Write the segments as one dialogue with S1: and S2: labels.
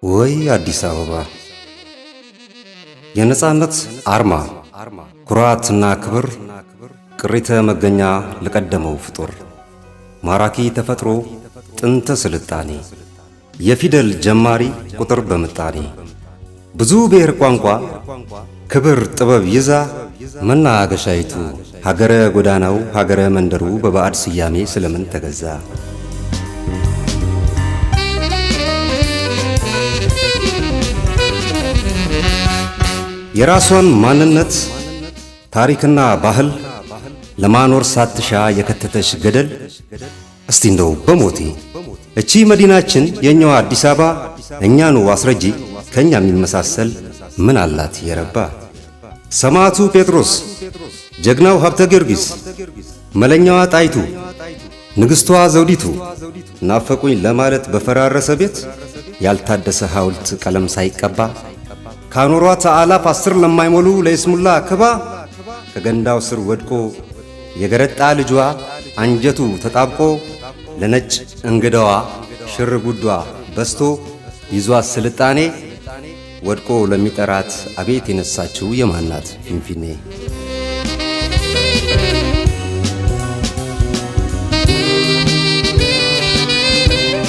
S1: Oi, Addis Ababa. የነጻነት አርማ ኩራትና ክብር፣ ቅሪተ መገኛ ለቀደመው ፍጡር፣ ማራኪ ተፈጥሮ፣ ጥንተ ስልጣኔ፣ የፊደል ጀማሪ ቁጥር በምጣኔ፣ ብዙ ብሔር ቋንቋ ክብር ጥበብ ይዛ መናገሻይቱ ሀገረ ጎዳናው ሀገረ መንደሩ በባዕድ ስያሜ ስለምን ተገዛ? የራሷን ማንነት ታሪክና ባህል ለማኖር ሳትሻ የከተተሽ ገደል። እስቲ እንደው በሞቴ እቺ መዲናችን የኛዋ አዲስ አበባ እኛኑ አስረጂ ከኛ የሚመሳሰል ምን አላት የረባ? ሰማዕቱ ጴጥሮስ፣ ጀግናው ሀብተ ጊዮርጊስ፣ መለኛዋ ጣይቱ፣ ንግሥቷ ዘውዲቱ ናፈቁኝ ለማለት በፈራረሰ ቤት ያልታደሰ ሐውልት ቀለም ሳይቀባ ካኖሯት አላፍ አስር ለማይሞሉ ለይስሙላ ክባ ከገንዳው ስር ወድቆ የገረጣ ልጇ አንጀቱ ተጣብቆ ለነጭ እንግዳዋ ሽር ጉዷ በስቶ ይዟት ስልጣኔ ወድቆ ለሚጠራት አቤት የነሳችው የማናት ፊንፊኔ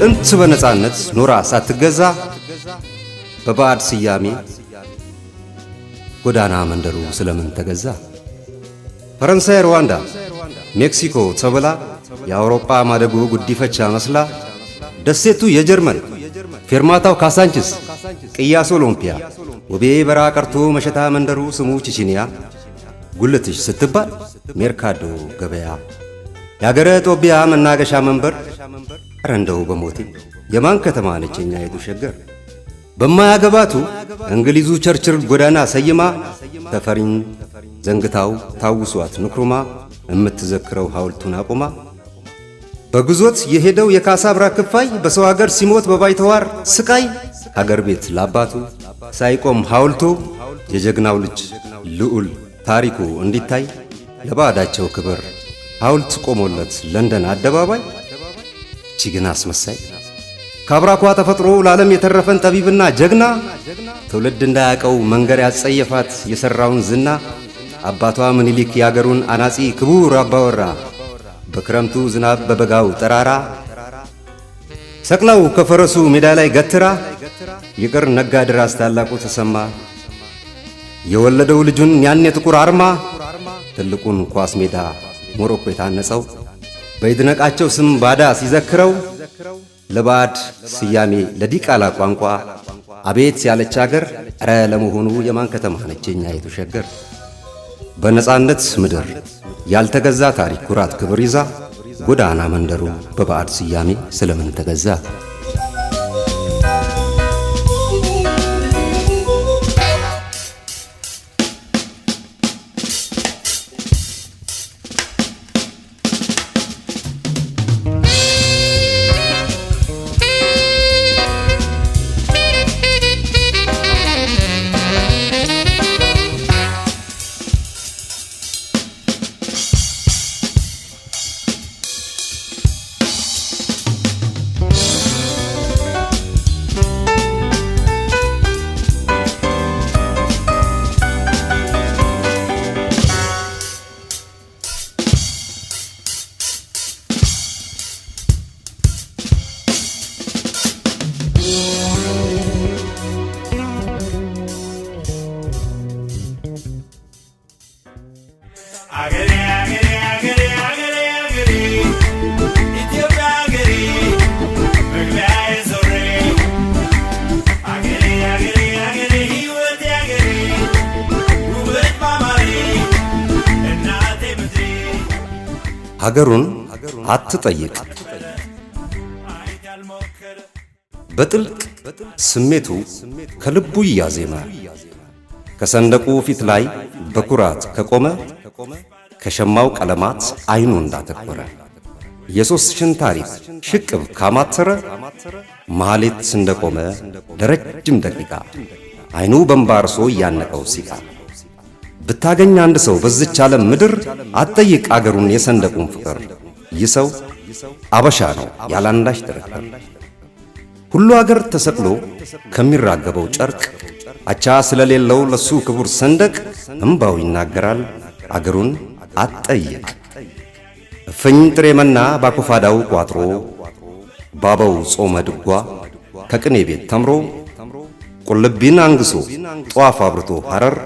S1: ጥንት በነፃነት ኖራ ሳትገዛ በባዕድ ስያሜ ጎዳና መንደሩ ስለምን ተገዛ? ፈረንሳይ ሩዋንዳ፣ ሜክሲኮ ተብላ የአውሮፓ ማደጎ ጉዲፈቻ መስላ ደሴቱ የጀርመን ፌርማታው ካሳንችስ፣ ቅያስ ኦሎምፒያ፣ ውቤ በራ ቀርቶ መሸታ መንደሩ ስሙ ቺቺኒያ ጉልትሽ ስትባል ሜርካዶ ገበያ፣ የአገረ ጦቢያ መናገሻ መንበር። ረንደው እንደው በሞቴ የማን ከተማ ነችኛ የቱ ሸገር በማያገባቱ እንግሊዙ ቸርችል ጎዳና ሰይማ ተፈሪን ዘንግታው ታውሷት ንክሩማ የምትዘክረው ሐውልቱን አቁማ በግዞት የሄደው የካሳብራ ክፋይ በሰው ሀገር ሲሞት በባይተዋር ስቃይ አገር ቤት ላባቱ ሳይቆም ሐውልቱ የጀግናው ልጅ ልዑል ታሪኩ እንዲታይ ለባዕዳቸው ክብር ሐውልት ቆሞለት ለንደን አደባባይ እቺ ግን አስመሳይ ከአብራኳ ተፈጥሮ ለዓለም የተረፈን ጠቢብና ጀግና ትውልድ እንዳያቀው መንገር ያጸየፋት የሠራውን ዝና አባቷ ምኒሊክ የአገሩን አናጺ ክቡር አባወራ በክረምቱ ዝናብ በበጋው ጠራራ ሰቅላው ከፈረሱ ሜዳ ላይ ገትራ ይቅር ነጋ ድራስ ታላቁ ተሰማ የወለደው ልጁን ያን ጥቁር አርማ ትልቁን ኳስ ሜዳ ሞሮኮ የታነጸው በይድነቃቸው ስም ባዳ ሲዘክረው ልባድ ስያሜ ለዲቃላ ቋንቋ አቤት ያለች አገር ረ ለመሆኑ የማን ከተማ ነች የኛ ሸገር? በነጻነት ምድር ያልተገዛ ታሪክ ኩራት ክብር ይዛ ጎዳና መንደሩ በባዕድ ስያሜ ስለምን ተገዛ? ሀገሩን አትጠይቅ። በጥልቅ ስሜቱ ከልቡ እያዜመ ከሰንደቁ ፊት ላይ በኩራት ከቆመ ከሸማው ቀለማት አይኑ እንዳተኮረ ሽን ታሪክ ሽቅብ ካማተረ ማሌት እንደቆመ ለረጅም ደቂቃ አይኑ በንባርሶ እያነቀው ሲቃል። ብታገኝ አንድ ሰው በዝች ዓለም ምድር አትጠይቅ አገሩን የሰንደቁን ፍቅር። ይህ ሰው አበሻ ነው ያላንዳች ጥርጥር። ሁሉ አገር ተሰቅሎ ከሚራገበው ጨርቅ አቻ ስለሌለው ለሱ ክቡር ሰንደቅ እምባው ይናገራል አገሩን አትጠይቅ። እፍኝ ጥሬ መና ባኮፋዳው ቋጥሮ ባበው ጾመ ድጓ ከቅኔ ቤት ተምሮ ቁልቢን አንግሶ ጧፍ አብርቶ ሐረር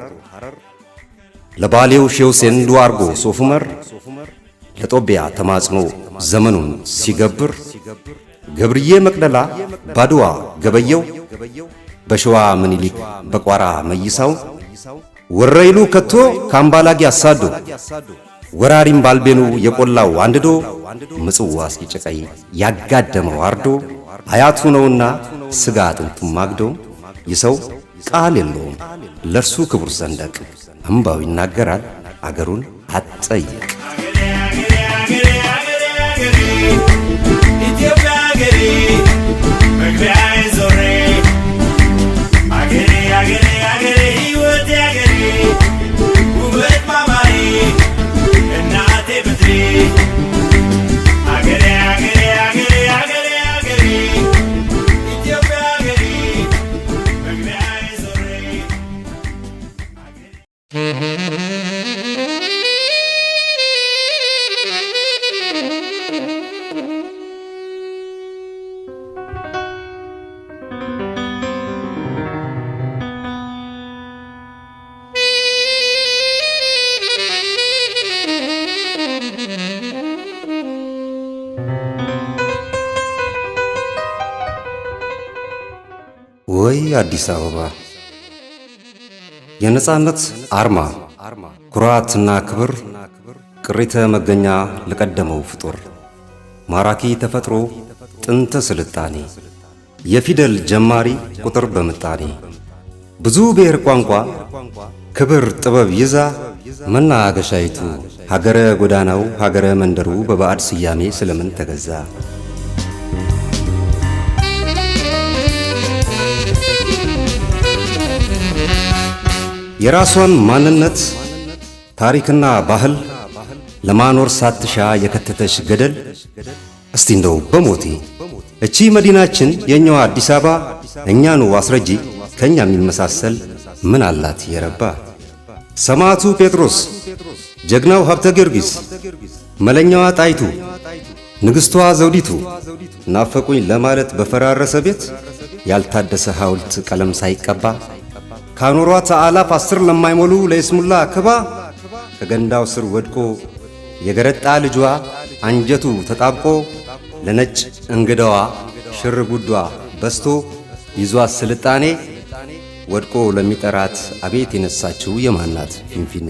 S1: ለባሌው ሼውሴን ሴንዱ አርጎ ለጦቢያ ተማጽኖ ዘመኑን ሲገብር ገብርዬ መቅደላ ባድዋ ገበየው በሸዋ ምኒሊክ በቋራ መይሳው ወረይሉ ከቶ ካምባላጊ አሳዶ ወራሪም ባልቤኑ የቆላው አንድዶ ምጽዋ እስኪጨቀይ ያጋደመው አርዶ አያቱ ነውና ስጋ አጥንቱም ማግዶ ይሰው ቃል የለውም ለእርሱ ክቡር ሰንደቅ እምባው ይናገራል አገሩን አትጠይቅ ወይ አዲስ አበባ! የነጻነት አርማ ኩራትና ክብር፣ ቅሪተ መገኛ ለቀደመው ፍጡር፣ ማራኪ ተፈጥሮ፣ ጥንተ ስልጣኔ፣ የፊደል ጀማሪ ቁጥር በምጣኔ፣ ብዙ ብሔር ቋንቋ፣ ክብር ጥበብ ይዛ መናገሻይቱ ሀገረ ጎዳናው ሀገረ መንደሩ በባዕድ ስያሜ ስለምን ተገዛ? የራሷን ማንነት ታሪክና ባህል ለማኖር ሳትሻ የከተተች ገደል። እስቲ እንደው በሞቴ እቺ መዲናችን የእኛዋ አዲስ አበባ እኛኑ አስረጂ ከኛ የሚመሳሰል ምን አላት የረባ? ሰማዕቱ ጴጥሮስ፣ ጀግናው ሀብተ ጊዮርጊስ፣ መለኛዋ ጣይቱ፣ ንግሥቷ ዘውዲቱ ናፈቁኝ ለማለት በፈራረሰ ቤት ያልታደሰ ሐውልት ቀለም ሳይቀባ ካኖሯት አላፍ አስር ለማይሞሉ ለይስሙላ ክባ ከገንዳው ስር ወድቆ የገረጣ ልጇ አንጀቱ ተጣብቆ ለነጭ እንግዳዋ ሽር ጉዷ በስቶ ይዟት ስልጣኔ ወድቆ ለሚጠራት አቤት የነሳችው የማናት ፊንፊኔ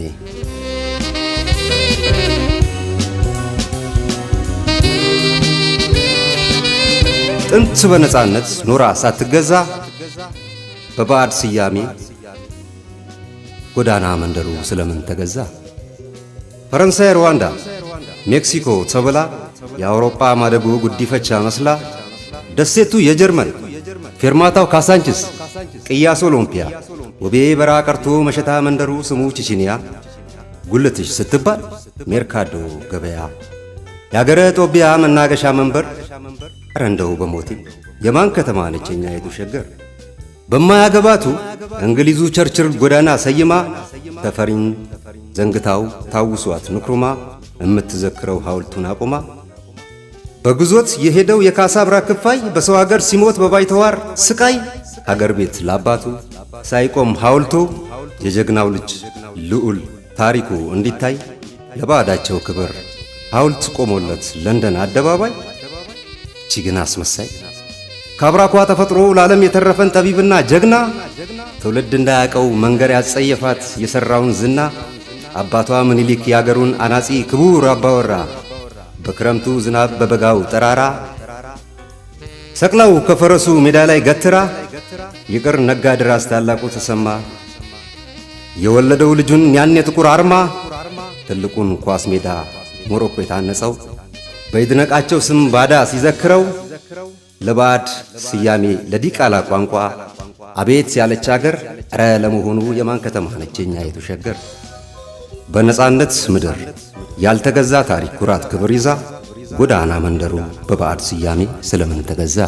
S1: ጥንት በነፃነት ኖራ ሳትገዛ በባዕድ ስያሜ ጎዳና መንደሩ ስለምን ተገዛ? ፈረንሳይ ሩዋንዳ፣ ሜክሲኮ ተብላ የአውሮፓ ማደጎ ጉዲፈቻ መስላ ደሴቱ የጀርመን ፌርማታው ካሳንችስ፣ ቅያስ ኦሎምፒያ፣ ወቤ በራ ቀርቶ መሸታ መንደሩ ስሙ ቺቺኒያ ጉልትሽ ስትባል ሜርካዶ ገበያ፣ የአገረ ጦቢያ መናገሻ መንበር፣ ረንደው እንደው በሞቴ የማን ከተማ ነችኛ የቱ ሸገር በማያገባቱ እንግሊዙ ቸርችል ጎዳና ሰይማ ተፈሪን ዘንግታው ታውሷት ንክሩማ የምትዘክረው ሐውልቱን አቁማ በግዞት የሄደው የካሳብራ ክፋይ በሰው ሀገር ሲሞት በባይተዋር ስቃይ ሀገር ቤት ላባቱ ሳይቆም ሐውልቱ የጀግናው ልጅ ልዑል ታሪኩ እንዲታይ ለባዕዳቸው ክብር ሐውልት ቆሞለት ለንደን አደባባይ እቺ አስመሳይ ከአብራኳ ተፈጥሮ ለዓለም የተረፈን ጠቢብና ጀግና ትውልድ እንዳያቀው መንገር ያጸየፋት የሠራውን ዝና አባቷ ምኒሊክ የአገሩን አናጺ ክቡር አባወራ በክረምቱ ዝናብ በበጋው ጠራራ ሰቅለው ከፈረሱ ሜዳ ላይ ገትራ ይቅር ነጋድ ራስ ታላቁ ተሰማ የወለደው ልጁን ያን ጥቁር አርማ ትልቁን ኳስ ሜዳ ሞሮኮ የታነጸው በይድነቃቸው ስም ባዳ ሲዘክረው ልባድ ስያሜ ለዲቃላ ቋንቋ አቤት ያለች አገር ረ ለመሆኑ የማን ከተማ ነችኛ የተሸገር በነፃነት ምድር ያልተገዛ ታሪክ ኩራት ክብር ይዛ ጎዳና መንደሩ በባዕድ ስያሜ ስለምን ተገዛ?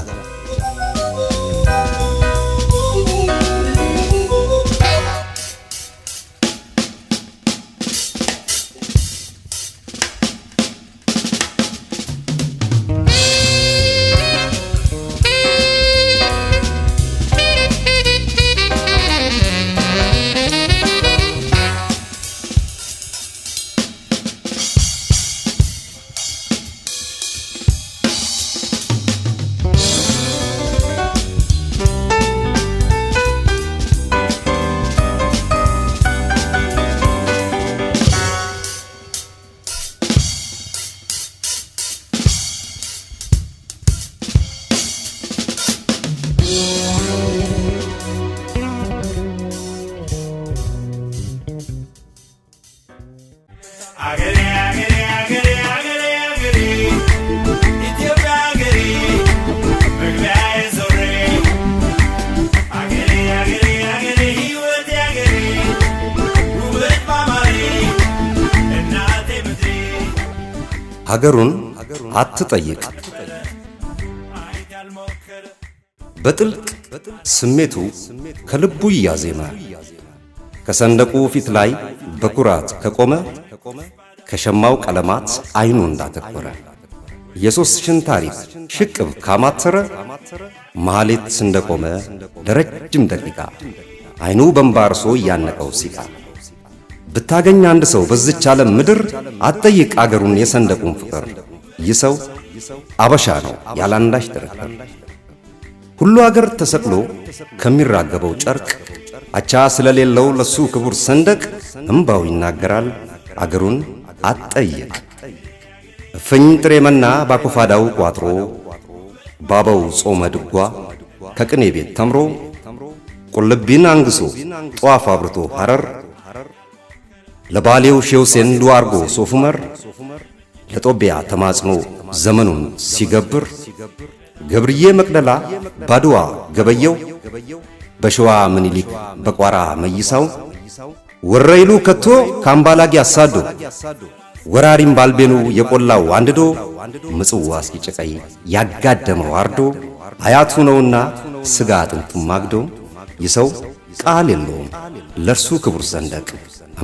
S1: ሀገሩን አትጠይቅ። በጥልቅ ስሜቱ ከልቡ እያዜመ ከሰንደቁ ፊት ላይ በኩራት ከቆመ ከሸማው ቀለማት አይኑ እንዳተኮረ የሦስትሽን ታሪክ ሽቅብ ካማተረ መሐሌት እንደቆመ ለረጅም ደቂቃ አይኑ በንባርሶ እያነቀው ሲቃ ብታገኝ አንድ ሰው በዚች ዓለም ምድር አትጠይቅ አገሩን የሰንደቁን ፍቅር። ይህ ሰው አበሻ ነው ያላንዳች ጥርጥር። ሁሉ አገር ተሰቅሎ ከሚራገበው ጨርቅ አቻ ስለሌለው ለሱ ክቡር ሰንደቅ እምባው ይናገራል አገሩን አትጠይቅ። እፍኝ ጥሬ መና ባኮፋዳው ቋጥሮ ባበው ጾመ ድጓ ከቅኔ ቤት ተምሮ ቁልቢን አንግሶ ጧፍ አብርቶ ሐረር ለባሌው ሼው ሴንዱ አርጎ ለጦቢያ ተማጽኖ ዘመኑን ሲገብር ገብርዬ መቅደላ ባድዋ ገበየው በሸዋ ምኒልክ በቋራ መይሳው ወረይሉ ከቶ ካምባላጊ አሳዶ ወራሪም ባልቤኑ የቆላው አንድዶ ምጽዋ እስኪጨቀይ ያጋደመው አርዶ አያቱ ነውና ስጋ አጥንቱ ማግዶ ይሰው ቃል የለውም ለእርሱ ክቡር ሰንደቅ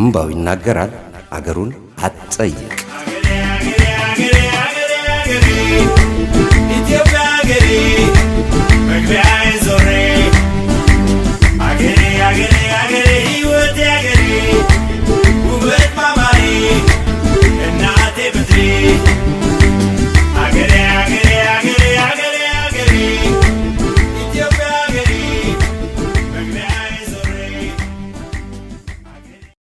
S1: እምባው ይናገራል አገሩን አትጠይቅ